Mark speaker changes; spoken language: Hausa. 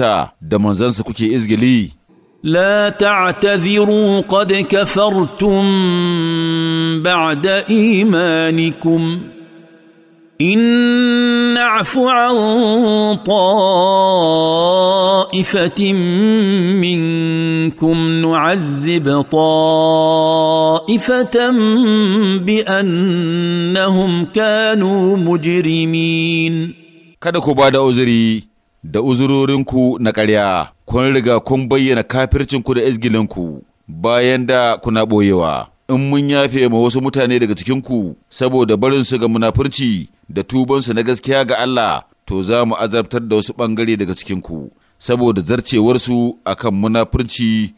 Speaker 1: da manzansa kuke izgili.
Speaker 2: La ta'taziru qad kafartum ba'da imanikum in na'fu an ta'ifatin minkum nu'adhib ta'ifatan bi annahum kanu
Speaker 1: mujirimin. kada ku ba da uzuri da uzurorinku na ƙarya, kun riga kun bayyana kafircinku da izgilinku bayan da kuna ɓoyewa. In mun yafe ma wasu mutane daga cikinku saboda barinsu ga munafurci da tubansu na gaskiya ga Allah, to za mu azabtar da wasu ɓangare daga cikinku saboda zarcewarsu kan munafurci